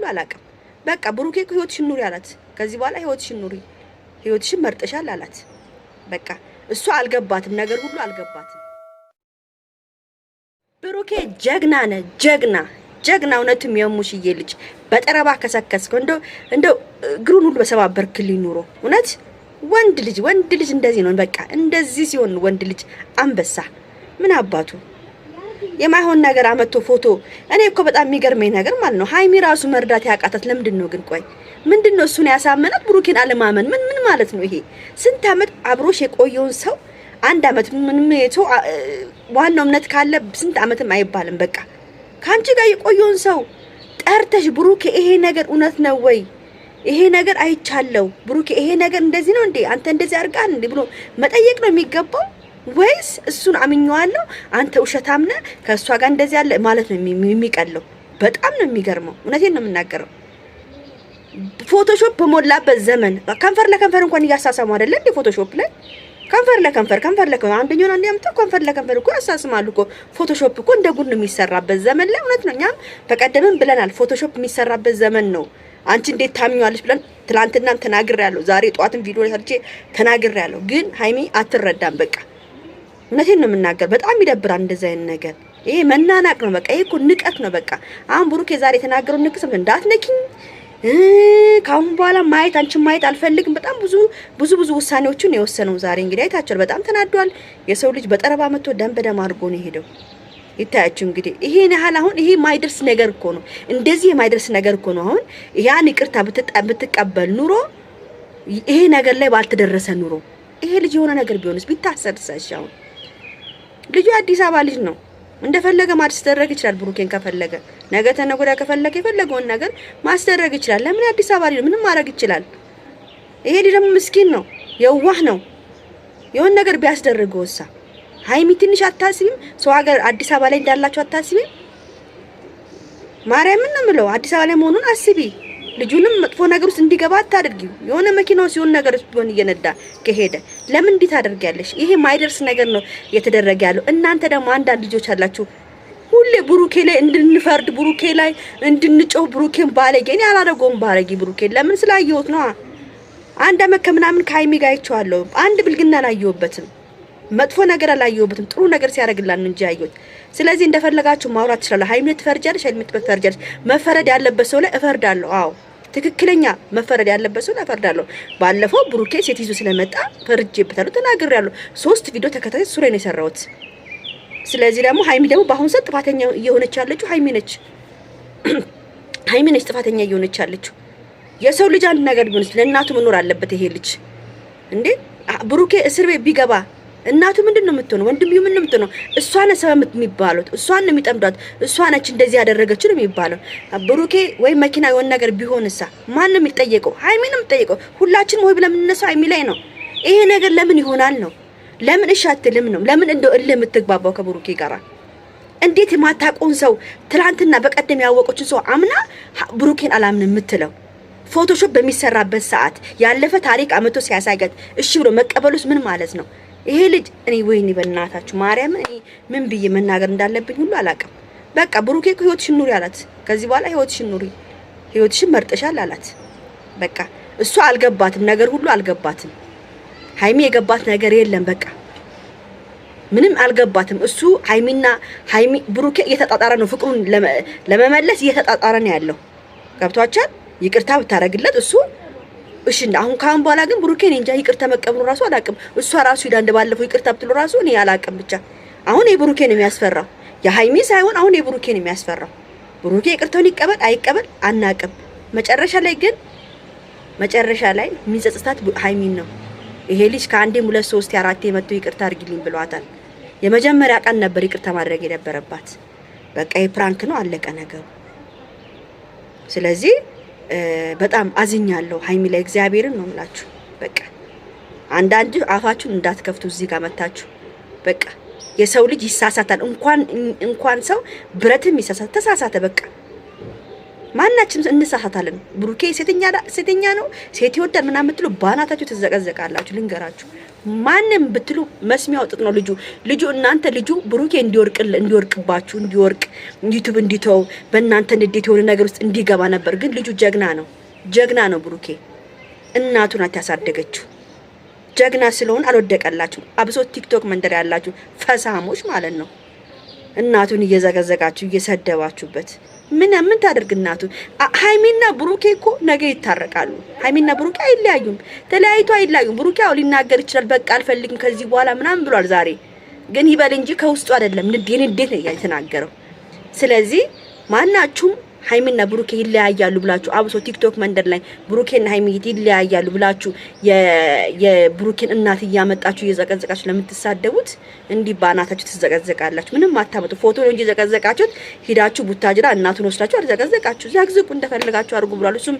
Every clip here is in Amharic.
ሁሉ አላቅም። በቃ ብሩኬ እኮ ህይወትሽን ኑሪ አላት። ከዚህ በኋላ ህይወትሽን ኑሪ፣ ህይወትሽን መርጠሻል አላት። በቃ እሷ አልገባትም፣ ነገር ሁሉ አልገባትም። ብሩኬ ጀግና ነ ጀግና ጀግና እውነትም የሙሽዬ ልጅ በጠረባ ከሰከስከው እንደው እንደው እግሩን ሁሉ በሰባበርክልኝ ኑሮ እውነት ወንድ ልጅ ወንድ ልጅ እንደዚህ ነው። በቃ እንደዚህ ሲሆን ወንድ ልጅ አንበሳ ምን አባቱ የማይሆን ነገር አመቶ ፎቶ። እኔ እኮ በጣም የሚገርመኝ ነገር ማለት ነው ሀይሚ ራሱ መርዳት ያቃታት ለምንድን ነው ግን? ቆይ ምንድን ነው እሱን ያሳመናት ብሩኬን አለማመን? ምን ምን ማለት ነው ይሄ? ስንት አመት አብሮሽ የቆየውን ሰው አንድ አመት ምንም ሰው ዋናው እምነት ካለ ስንት አመትም አይባልም። በቃ ከአንቺ ጋር የቆየውን ሰው ጠርተሽ ብሩኬ ይሄ ነገር እውነት ነው ወይ? ይሄ ነገር አይቻለው ብሩኬ፣ ይሄ ነገር እንደዚህ ነው እንዴ? አንተ እንደዚህ አድርጋል እንዴ ብሎ መጠየቅ ነው የሚገባው። ወይስ እሱን አምኜዋለሁ አንተ ውሸታም ነህ ከእሷ ጋር እንደዚህ ያለ ማለት ነው የሚቀለው። በጣም ነው የሚገርመው። እውነቴን ነው የምናገረው። ፎቶሾፕ በሞላበት ዘመን ከንፈር ለከንፈር እንኳን እያሳሳሙ አይደለ እንዴ? ፎቶሾፕ ላይ ከንፈር ለከንፈር ከንፈር ለከንፈር አንደኛውን አንድ ያምጣ ከንፈር ለከንፈር እኮ ያሳስማሉ እኮ። ፎቶሾፕ እኮ እንደ ጉድ ነው የሚሰራበት ዘመን ላይ እውነት ነው። እኛም በቀደምም ብለናል፣ ፎቶሾፕ የሚሰራበት ዘመን ነው። አንቺ እንዴት ታምኛለች ብለን ትላንትናም ተናግሬያለሁ። ዛሬ ጠዋትም ቪዲዮ ላይ ሰርቼ ተናግሬያለሁ። ግን ሀይሚ አትረዳም በቃ እውነቴን ነው የምናገር። በጣም ይደብራል እንደዚህ አይነት ነገር። ይሄ መናናቅ ነው በቃ። ይሄ እኮ ንቀት ነው በቃ። አሁን ብሩክ የዛሬ የተናገረው ንቅስ እንዳትነኪኝ ከአሁን በኋላ ማየት አንቺን ማየት አልፈልግም። በጣም ብዙ ብዙ ብዙ ውሳኔዎችን የወሰነው ዛሬ እንግዲህ አይታችኋል። በጣም ተናዷል። የሰው ልጅ በጠረባ መጥቶ ደም በደም አድርጎ ነው የሄደው። ይታያችሁ እንግዲህ ይሄን ያህል አሁን ይሄ ማይደርስ ነገር እኮ ነው። እንደዚህ የማይደርስ ነገር እኮ ነው። አሁን ያን ይቅርታ ብትቀበል ኑሮ ይሄ ነገር ላይ ባልተደረሰ ኑሮ ይሄ ልጅ የሆነ ነገር ቢሆንስ ቢታሰርሳሽ አሁን ልጁ አዲስ አበባ ልጅ ነው። እንደፈለገ ማስደረግ ይችላል። ብሩኬን ከፈለገ ነገ ተነጎዳ ከፈለገ የፈለገውን ነገር ማስደረግ ይችላል። ለምን አዲስ አበባ ልጅ ምንም ማድረግ ይችላል። ይሄ ልጅ ደግሞ ምስኪን ነው፣ የዋህ ነው። የሆን ነገር ቢያስደርገው ወሳ ሀይሚ ትንሽ አታስቢም? ሰው ሀገር አዲስ አበባ ላይ እንዳላችሁ አታስቢም? ማርያምን ነው የምለው አዲስ አበባ ላይ መሆኑን አስቢ። ልጁንም መጥፎ ነገር ውስጥ እንዲገባ አታድርጊው። የሆነ መኪናው ሲሆን ነገር ውስጥ ቢሆን እየነዳ ከሄደ ለምን እንዲህ ታደርጊያለሽ? ይሄ ማይደርስ ነገር ነው እየተደረገ ያለው። እናንተ ደግሞ አንዳንድ ልጆች አላችሁ ሁሌ ብሩኬ ላይ እንድንፈርድ፣ ብሩኬ ላይ እንድንጮህ፣ ብሩኬን ባለጌ። እኔ አላደረገውም ባለጌ ብሩኬን። ለምን ስላየሁት ነው። አንድ አመት ከምናምን ከሀይሚ ጋር አይቼዋለሁ። አንድ ብልግና አላየሁበትም፣ መጥፎ ነገር አላየሁበትም። ጥሩ ነገር ሲያደርግላን እንጂ ያየሁት። ስለዚህ እንደፈለጋችሁ ማውራት ትችላለህ። ሀይሚ ትፈርጃለሽ፣ ሀይሚ ትፈርጃለሽ። መፈረድ ያለበት ሰው ላይ እፈርዳለሁ። አዎ ትክክለኛ መፈረድ ያለበት ሰው እፈርዳለሁ። ባለፈው ብሩኬ ሴት ይዞ ስለመጣ ፈርጄበታለሁ፣ ተናግሬያለሁ። ሶስት ቪዲዮ ተከታታይ ሱሬ ነው የሰራሁት። ስለዚህ ደግሞ ሀይሚ ደግሞ በአሁኑ ሰዓት ጥፋተኛ እየሆነች ያለችው ሀይሚ ነች። ሀይሚ ነች ጥፋተኛ እየሆነች ያለችው። የሰው ልጅ አንድ ነገር ቢሆንስ ለእናቱ መኖር አለበት። ይሄ ልጅ እንዴ ብሩኬ እስር ቤት ቢገባ እናቱ ምንድን ነው የምትሆነው? ወንድምዩ ምንድን ነው የምትሆነው? እሷ ነው ሰበብ የሚባሉት፣ እሷ ነው የሚጠምዷት፣ እሷ ነች እንደዚህ ያደረገችው ነው የሚባለው። ብሩኬ ወይ መኪና የሆነ ነገር ቢሆንሳ ማን ነው የሚጠየቀው? ሀይሚ ነው የሚጠየቀው። ሁላችንም ወይ ብለን የምንነሳው ሀይሚ ላይ ነው። ይሄ ነገር ለምን ይሆናል ነው ለምን እሺ አትልም ነው ለምን እንደው እልህ የምትግባባው ከብሩኬ ጋራ? እንዴት የማታውቀውን ሰው ትላንትና በቀደም ያወቀችን ሰው አምና ብሩኬን አላምን የምትለው ፎቶሾፕ በሚሰራበት ሰዓት ያለፈ ታሪክ አመቶ ሲያሳይገት እሺ ብሎ መቀበሉስ ምን ማለት ነው? ይሄ ልጅ እኔ ወይኔ በእናታችሁ ማርያም፣ እኔ ምን ብዬ መናገር እንዳለብኝ ሁሉ አላውቅም። በቃ ብሩኬ እኮ ህይወትሽን ኑሪ አላት። ከዚህ በኋላ ህይወትሽን ኑሪ፣ ህይወትሽን መርጠሻል አላት። በቃ እሷ አልገባትም፣ ነገር ሁሉ አልገባትም። ሀይሚ የገባት ነገር የለም። በቃ ምንም አልገባትም። እሱ ሀይሚና ሀይሚ ብሩኬ እየተጣጣረ ነው፣ ፍቅሩን ለመመለስ እየተጣጣረ ነው ያለው። ገብቷቻል። ይቅርታ ብታረግለት እሱ እሺ አሁን ካሁን በኋላ ግን ብሩኬ እንጃ ይቅርታ መቀበሉ ራሱ አላውቅም። እሷ ራሱ ሂዳ እንደባለፈው ይቅርታ ብትሉ ራሱ እኔ አላውቅም። ብቻ አሁን የብሩኬ ነው የሚያስፈራው፣ የሀይሚ ሳይሆን አሁን የብሩኬ ነው የሚያስፈራው። ብሩኬ ይቅርታውን ይቀበል አይቀበል አናውቅም። መጨረሻ ላይ ግን መጨረሻ ላይ የሚጸጽታት ሀይሚን ነው። ይሄ ልጅ ከአንዴም ሁለት ሶስት አራቴ የመጥቶ ይቅርታ አድርጊልኝ ብሏታል። የመጀመሪያ ቀን ነበር ይቅርታ ማድረግ የነበረባት። በቃ የፕራንክ ነው አለቀ ነገሩ። ስለዚህ በጣም አዝኛለሁ ሀይሚ ላይ እግዚአብሔርን ነው ምላችሁ። በቃ አንዳንድ አፋችሁን እንዳትከፍቱ እዚህ ጋር መታችሁ። በቃ የሰው ልጅ ይሳሳታል። እንኳን እንኳን ሰው ብረትም ይሳሳት ተሳሳተ በቃ ማናችንም እንሳሳታለን። ብሩኬ ሴተኛ ነው ሴት ይወዳል ምናምን ብትሉ ባናታችሁ ትዘቀዘቃላችሁ። ልንገራችሁ ማንም ብትሉ መስሚያው ጥጥ ነው። ልጁ ልጁ እናንተ ልጁ ብሩኬ እንዲወርቅ እንዲወርቅባችሁ እንዲወርቅ ዩቲዩብ እንዲተው በእናንተ ንዴት የሆነ ነገር ውስጥ እንዲገባ ነበር። ግን ልጁ ጀግና ነው፣ ጀግና ነው ብሩኬ። እናቱ ናት ያሳደገችው። ጀግና ስለሆን አልወደቀላችሁ። አብሶ ቲክቶክ መንደር ያላችሁ ፈሳሞች ማለት ነው። እናቱን እየዘገዘጋችሁ እየሰደባችሁበት ምን ምን ታደርግ እናቱ። ሀይሚና ብሩኬ እኮ ነገ ይታረቃሉ። ሀይሚና ብሩኬ አይለያዩም፣ ተለያይቶ አይለያዩም። ብሩኬ አዎ ሊናገር ይችላል፣ በቃ አልፈልግም ከዚህ በኋላ ምናምን ብሏል። ዛሬ ግን ይበል እንጂ ከውስጡ አይደለም፣ ንዴት ነው የተናገረው። ስለዚህ ማናችሁም ሀይሚና ብሩኬ ይለያያሉ ብላችሁ አብሶ ቲክቶክ መንደር ላይ ብሩኬና ሀይሚ ይለያያሉ ብላችሁ የብሩኬን እናት እያመጣችሁ እየዘቀዘቃችሁ ለምትሳደቡት እንዲህ በአናታችሁ ትዘቀዘቃላችሁ። ምንም አታመጡ። ፎቶ ነው እንጂ ዘቀዘቃችሁት። ሂዳችሁ ቡታጅራ እናቱን ወስዳችሁ አልዘቀዘቃችሁ። ዘቅዝቁ፣ እንደፈለጋችሁ አድርጉ ብሏል። እሱም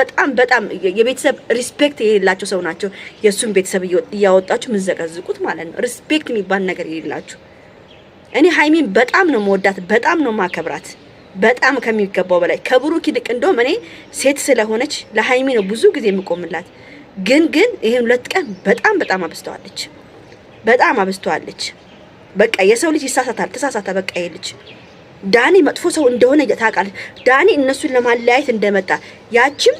በጣም በጣም የቤተሰብ ሪስፔክት የሌላቸው ሰው ናቸው። የእሱም ቤተሰብ እያወጣችሁ ምንዘቀዝቁት ማለት ነው። ሪስፔክት የሚባል ነገር የሌላችሁ። እኔ ሀይሚን በጣም ነው መወዳት፣ በጣም ነው ማከብራት። በጣም ከሚገባው በላይ ከብሩክ ይልቅ እንደውም እኔ ሴት ስለሆነች ለሀይሚ ነው ብዙ ጊዜ የምቆምላት። ግን ግን ይሄን ሁለት ቀን በጣም በጣም አብስተዋለች፣ በጣም አብስተዋለች። በቃ የሰው ልጅ ይሳሳታል፣ ተሳሳተ። በቃ ይሄ ልጅ ዳኒ መጥፎ ሰው እንደሆነ ታውቃለች። ዳኒ እነሱን ለማለያየት እንደመጣ ያችም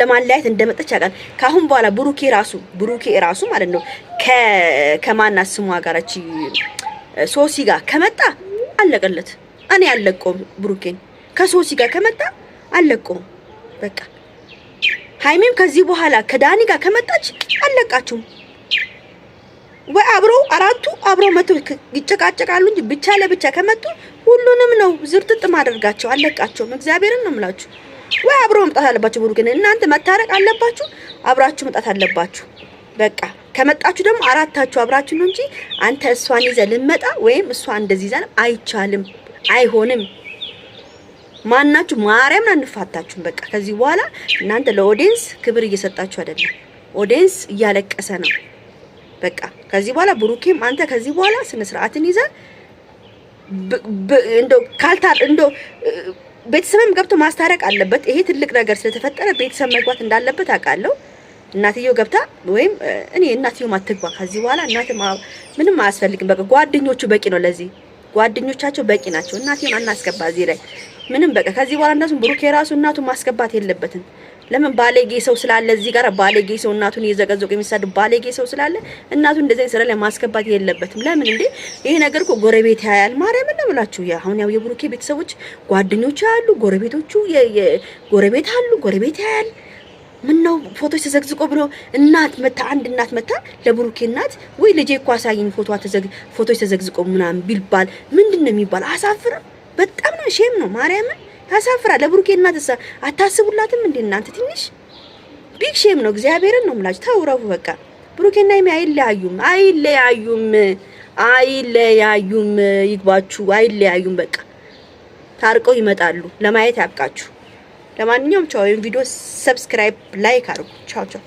ለማለያየት እንደመጣች ያውቃል። ከአሁን በኋላ ብሩኬ ራሱ ብሩኬ ራሱ ማለት ነው ከማናት ስሟ ጋራች ሶሲ ጋር ከመጣ አለቀለት። እኔ አለቀውም። ብሩኬን ከሶሲ ጋር ከመጣ አለቀውም። በቃ ሃይሜም ከዚህ በኋላ ከዳኒ ጋር ከመጣች አለቃችሁም። ወይ አብሮ አራቱ አብሮ መቶ ይጨቃጨቃሉ እንጂ ብቻ ለብቻ ከመጡ ሁሉንም ነው ዝርጥጥ ማደርጋቸው። አለቃቸውም። እግዚአብሔርን ነው የምላችሁ። ወይ አብሮ መምጣት አለባችሁ። ብሩኬን እናንተ መታረቅ አለባችሁ። አብራችሁ መምጣት አለባችሁ። በቃ ከመጣችሁ ደግሞ አራታችሁ አብራችሁ ነው እንጂ አንተ እሷን ይዘህ ልመጣ ወይም እሷ እንደዚህ ይዘን አይቻልም፣ አይሆንም። ማናችሁ ማርያምን አንፋታችሁም። በቃ ከዚህ በኋላ እናንተ ለኦዲንስ ክብር እየሰጣችሁ አይደለም። ኦዲንስ እያለቀሰ ነው። በቃ ከዚህ በኋላ ብሩኬም አንተ ከዚህ በኋላ ስነ ስርዓትን ይዘህ እንዶ ካልታ እንዶ ቤተሰብም ገብቶ ማስታረቅ አለበት። ይሄ ትልቅ ነገር ስለተፈጠረ ቤተሰብ መግባት እንዳለበት አውቃለሁ። እናትየው ገብታ ወይም እኔ እናትየው አትግባ ከዚህ በኋላ እናት ምንም አያስፈልግም። በቃ ጓደኞቹ በቂ ነው ለዚህ ጓደኞቻቸው በቂ ናቸው። እናትየውን አናስገባ እዚህ ላይ ምንም በቃ ከዚህ በኋላ እንደሱ ብሩኬ የራሱ እናቱ ማስገባት የለበትም። ለምን ባለጌ ሰው ስላለ እዚህ ጋር ባለጌ ሰው እናቱን እየዘቀዘቀ የሚሳደብ ባለጌ ሰው ስላለ እናቱ እንደዚህ ስራ ላይ ማስገባት የለበትም። ለምን እንዴ ይሄ ነገር እኮ ጎረቤት ያያል። ማርያም ነው ብላችሁ ያ አሁን ያው የብሩኬ ቤተሰቦች ጓደኞቹ ያሉ ጎረቤቶቹ ጎረቤት አሉ ጎረቤት ያያል ምን ነው ፎቶ ተዘግዝቆ ብሎ እናት መታ አንድ እናት መታ ለብሩኬ እናት ወይ ልጄ እኮ አሳይኝ ፎቶ ተዘግ ፎቶ ተዘግዝቆ ምናምን ቢልባል ምንድን ነው የሚባል? አሳፍርም። በጣም ነው ሼም ነው ማርያምን ያሳፍራል። ለብሩኬ እናት ሳ አታስቡላትም እንዴ እናንተ? ትንሽ ቢግ ሼም ነው። እግዚአብሔርን ነው የምላችሁ። ተውረፉ በቃ። ብሩኬና ይሚ አይለያዩም፣ አይለያዩም፣ አይለያዩም። ይግባችሁ፣ አይለያዩም። በቃ ታርቀው ይመጣሉ። ለማየት ያብቃችሁ። ለማንኛውም ቻው። ይህን ቪዲዮ ሰብስክራይብ፣ ላይክ አድርጉ። ቻው ቻው።